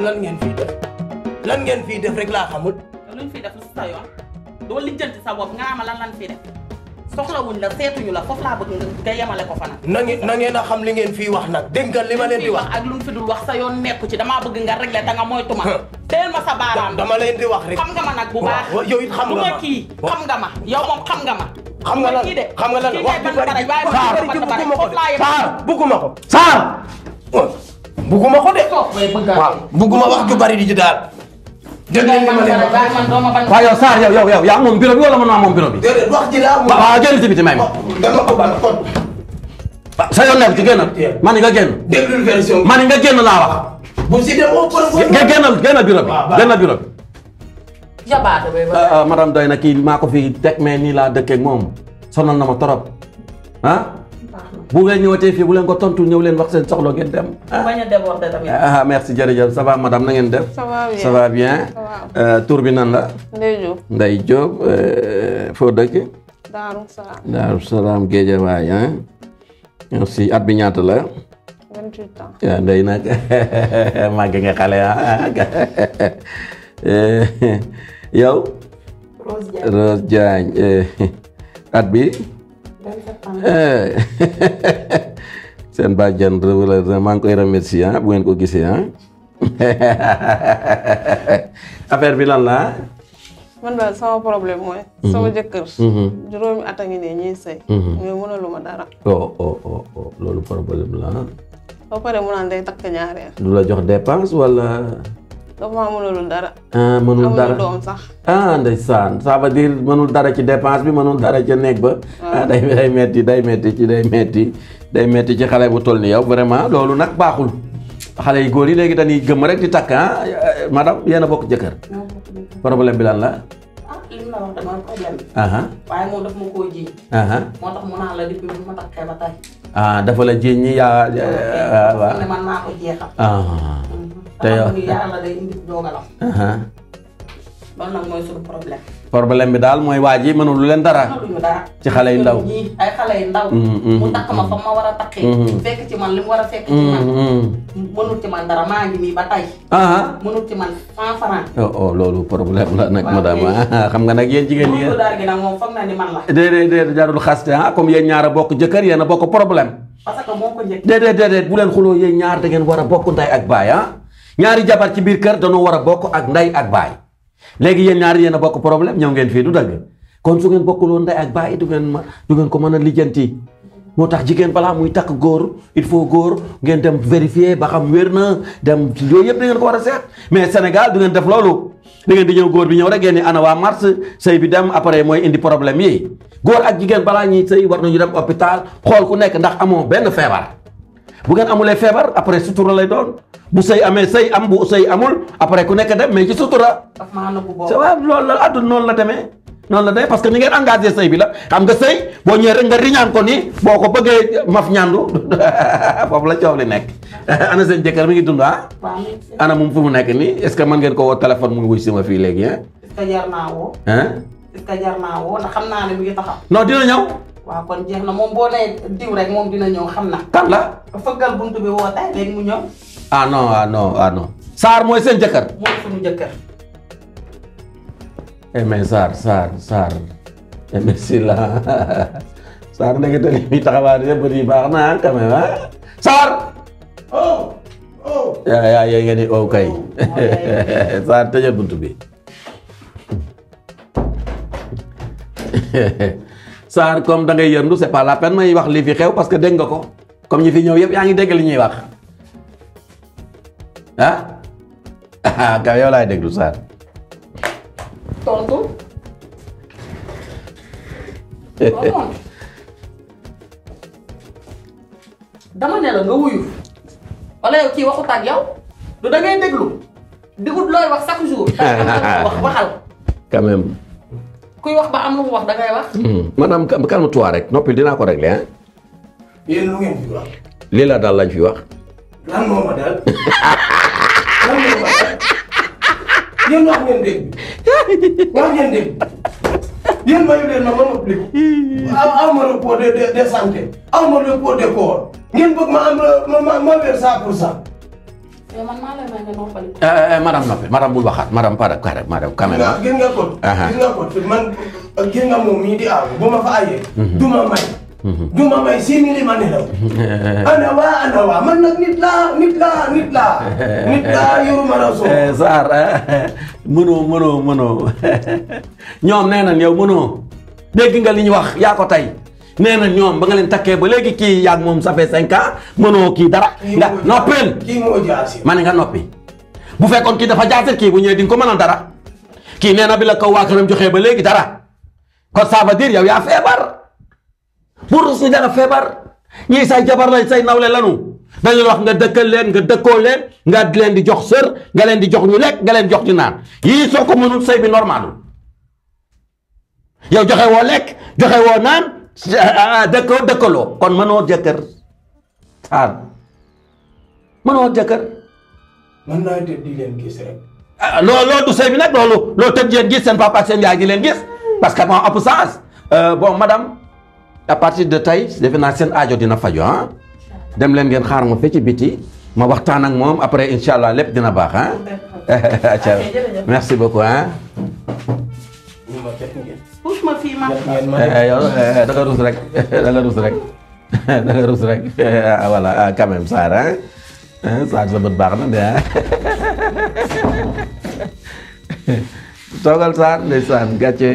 yéen lan ngeen fii def lan ngeen fii def rek laa xamul. luñ fii def lu si sa yoon doo lijjanti sa bopp nga ama lan lan fii def soxlawuñ la seetuñu la foofu laa bëgg nga yemale ko fa nag. na ngeen na ngeen a xam li ngeen fii wax nag dégg nga li ma leen di wax. ak lu mu fi dul wax sa yoon nekku ci damaa bëgg nga régler danga moytu ma. teel ma sa baaraam dama leen di wax rek. xam nga ma nag bu baax waaw yow it xam nga ma kii xam nga ma yow moom xam nga ma. xam nga lan xam nga lan wax bu bëri. waaye bu bëri bëggu ma ko de Sarr bëggu ma ko Sarr buku ko de bugguma wax ju bari di ci daal dégg ngeen ma leen waaw yow Sarr yow yow yow yaa moom bureau bi wala man maa moom bureau bi déedéet wax ji laa waaw génn si biti may ma dama ko ban kon sa yoon nekk ci génn man nga génn déglu version man nga génn laa wax bu si bi ah bu ñëwatee fii bu leen ko tontu ñëw leen wax seen soxla ngeen dem. Ah, ah, merci jërëjëf ça va madame na ngeen def. ça va bien ça euh, bi nan la. Ndeye Diop. Euh, foo dëkk. Daaru Salaam. Daaru Salaam merci at bi ñaata la. 28 ah, nag màgg nga xale ah eh, yow. Rose Diagne eh, at bi. Eh. seen bàjjan wala maa ngi koy remercier ah bu ngeen ko gisee ah affaire bi lan la man daal sama problème mooy. Mhm. sama jëkkër. Mhm. juróomi at a ngi ne ñuy sëy. Mhm. mais mënaluma dara. Oh, oh oh oh loolu problème la. Ah. ba pare mu naan day takk ñaareel. du la jox dépense wala. dafa maa mënul dara. ah mënul dara doom sax. ah ndeysaan ça veut dire mënul dara ci dépense bi mënul dara ca néeg ba. ah, ah day day metti day metti ci day metti day metti ci xale bu toll ni yow vraiment loolu nag baaxul xale yu góor yi léegi dañuy gëm rek di takk ah madame yéen a bokk jëkkër. problème bi lan la. Ah, li mu la wax dama problème ah, waaye moom daf ma koo jiiñ moo tax mu naan la depuis bi ma takkee ba tey ah dafa la jiiñ ñi yaa waaw ne man maa ko jeexal problème problème bi daal mooy waa ji mënul lu leen dara ci xalé yu ndaw ay xalé yu ndaw mu takk ma fa ma wara a fekk ci man lim wara fekk ci man mënul ci man dara ma ngi nii ba tay ah mënul ci man 100 francs oh oh lolu problème la nak madame xam nga nak yeen jigen ñi daar gi nak mom foog na ni man la déedéet déedéet jarul khaste ha comme yeen ñaara a bokk jëkkër yéen bokk problème parce que moko ko njëkk déedéet déedéet bu len xulo yeen ñaar da ngeen wara a bokk nday ak baay ha ñaari jabar ci bir kër dañoo war a bokk ak nday ak bay légui yeen ñaari yeena bokk problème ñëw ngeen fi du dag kon su ngeen bokkuloon nday ak bay du ngeen du ngeen ko mëna lijeenti motax jigen bala muy tak gor il faut gor ngeen dem vérifier ba xam werna dem yooyu yëpp da ngeen ko wara set mais Sénégal du ngeen def lolu da ngeen di ñew gor bi ñew rek ngeen ana wa mars sey bi dem après moy indi problème yi gor ak jigen bala ñi sey war nañu dem hôpital xol ku nekk ndax amon ben fièvre bu ngeen amulee feebar après sutura lay doon bu sëy amee sëy am bu sëy amul après ku nekk dem mais ci sutura. waaw loolu la adduna noonu la demee. noonu la demee parce que ni ngeen engagé sëy bi la xam nga sëy boo ñëwee rek nga riñaan ko ni boo ko bëggee maf ñandu foofu la coow li nekk. ana seen jëkkër mi ngi dund ah. ana moom fu mu nekk ni est ce que man ngeen ko woo téléphone mu ngi wuy si ma fii léegi ah. est ce que jar naa woo. est ce que jar naa woo ndax xam naa ne mi ngi taxaw. non dina ñëw waaw kon jeex na moom boo nee diw rek moom dina ñëw xam na. kan la. fëggal buntu bi woote léegi mu ñëw. ah non ah non ah non. Saar mooy seen jëkkër. mooy suñu jëkkër. eh mais Saar Saar Saar. eh mais si la Saar nekk tali bi yëpp di baax na ah, quand même ah Saar. oh oh. yaa yaa ya, yaa ngeen di ow oh, kay. Oh, oh, Saar tëjee buntu bi. Sarr comme dangay ngay yëndu c'est pas la peine may wax li fi xew parce que dégg nga ko comme ñi fi ñëw yëpp yaa ngi dégg li ñuy wax ah gaw yow laay déglu Sarr. tontu. di ut looy wax chaque jour. wax waxal. quand même. kuy wax ba am lu mu wax da ngay wax. maanaam calme toi rek nopi dina ko régler hein yeen lu ngeen fi wax. lii la daal lañ fi wax. lan moo ma daal. lan moo ma yeen wax ngeen deg wax ngeen deg yeen mayu len ma ma plik aw aw ma repo de de santé. aw ma repo de corps. ngeen bëgg ma am ma ma ma weer pour 100. yow man maa lay may nga noppali. Eh, eh, eh, madame noppi madame bul waxaat madame nga ko. gis uh-huh. man gis nga moom di aar bu ma fa ayee. Mm-hmm. du ma may. Mm-hmm. du ma may si ni li ma nelaw. ana waa ana waa man nag nit laa nit laa nit laa. nit laa yoru ma raw soo. Sarr mënoo mënoo mënoo ñoom nee nañ yow mënoo nga li ñu wax yaa ko tey. nena ñom ba nga len takkee ba léegi ki yaag mom ça fait 5 ans mëno ki dara. nga noppil ki mo jaasir ma nga nopi bu fekkon ki dafa jaasir ki bu ñëwee di ko mëna dara ki nena bi la ko wa këram joxee ba léegi dara ko ça veut dire yow yaa feebar. pour su dara feebar ñi say jabar lay say nawle lanu dañ la wax nga dekkal len nga dekkol len nga len di jox sër nga len di jox ñu lek nga len jox ñu naan yi soko mënul say bi normal yow joxe wo lek joxe wo naan. Ah, dëkkoo dëkkaloo kon mënoo jëkkër xaar mënoo jëkkër. mën naa tëdd di leen gis ah, loolu du sëy bi nag loolu loolu tëdd yéen seen papa ak seen yaay di leen gis parce que moo ëpp sens euh, bon madame à partir de tey defe naa seen aajo dina fajo ah dem leen ngeen xaar ma fee ci biti ma waxtaan ak moom après incha allah lépp dina baax ah. merci beaucoup ah. ma jot ngeen. puus rek da nga rek da nga rus rek voilà sa bët baax na de ah toogal Sarr ndeysaan gàcce.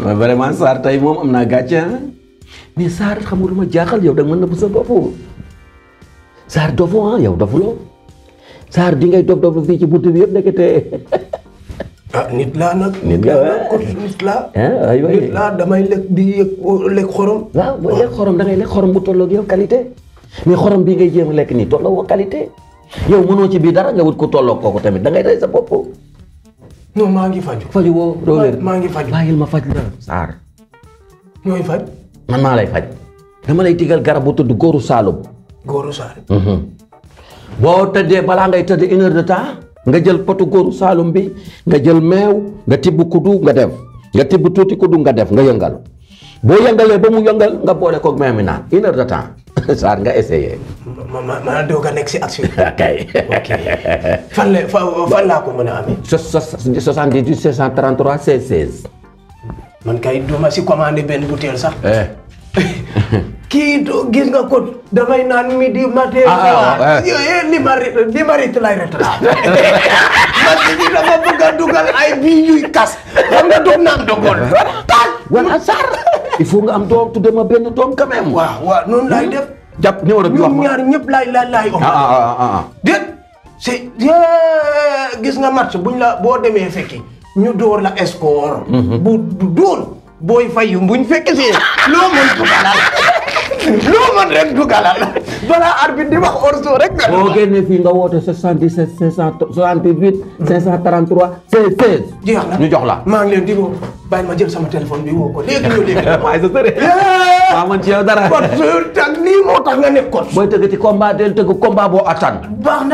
mais vraiment Sarr tey moom am naa gàcce mais Sarr xam nga lu ma yow da nga mën na bu sa bopp Sarr dofoo ah yow dofuloo. saar bi ngay dof dof lu fii ci buntu bi yëpp nekk te ah nit laa nag. nit laa nag nit laa. ah damay lekk di yëg lekk xorom. waaw booy lekk xorom da lekk xorom bu tolloog yow qualité mais xorom bii ngay jéema lekk nii tolloo woo qualité yow mënoo ci bii dara nga wut ko tolloog kooku tamit dangay ngay rey sa bopp. non maa ngi faju. faju woo doo maa ngi faju. bàyyil ma faj la saar. ñooy faj. man maa lay faj. dama lay digal garab bu tudd góoru Saalum. góoru Saalum. Mhm. bo tedde bala ngay tedde une heure de temps nga jël potu gor salum bi nga jël mew nga tibbu kudu nga def nga tibbu tuti kudu nga def nga yëngal bo yëngalee ba mu yëngal nga boole koog meew mi naan une heure de temps sar nga essayé. ma do ga nek ci action. kay fan la fan la ko mën a amee. soixante dix 16 man kay duma ci commander ben bouteille sax. Eh. kii gis nga ko dafay naan midi matin. ah, ah li ah, ah. ma li ma rit lay retraité. man mii dama bëgg a dugal ay bii yuy kas. xam nga doom naan dogoon. wala sar il faut nga am doom tudde ma benn doom quand même. waaw waaw hmm? def. jàpp numéro bi wax ma ñaar ñëpp laay gis nga match buñ la boo demee fekki ñu door la score. Mhm. bu dóor booy fayu buñ fekk see loo mën ko man rek dugalal balaa arbitre di wax hors jeu rek nga. boo génnee fii nga woote 77 568 533 16. jeex na ñu di sama téléphone bi woo ko léegi ñu léegi. waaye sa sëre. waaw man ci yow dara. kon su tag lii moo tax nga nekk kon. booy tëgg ci combat del tëgg combat boo attan. baax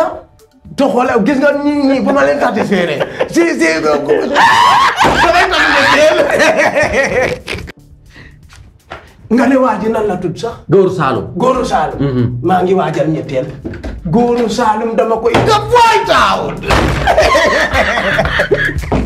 nga ne waa ji nan la tudd sax. Góoru Saalum. Góoru Saalum. Mm-hmm. maa ngi waajal ñetteel. Góoru Saalum dama koy. nga booy